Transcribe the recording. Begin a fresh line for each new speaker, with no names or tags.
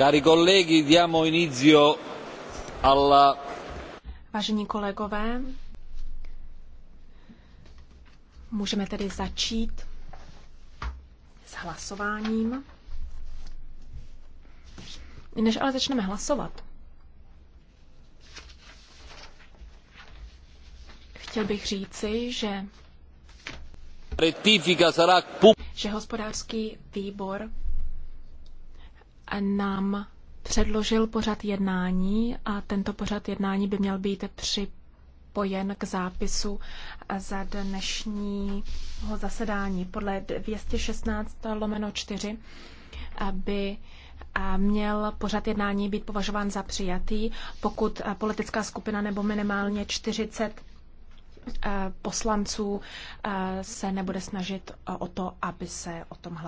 Cari colleghi, diamo inizio alla...
Vážení kolegové, můžeme tedy začít s hlasováním. Než ale začneme hlasovat, chtěl bych říci, že že hospodářský výbor nám předložil pořad jednání a tento pořad jednání by měl být připojen k zápisu za dnešního zasedání. Podle 216 lomeno 4 by měl pořad jednání být považován za přijatý, pokud politická skupina nebo minimálně 40 poslanců se nebude snažit o to, aby se o tom hlasovalo.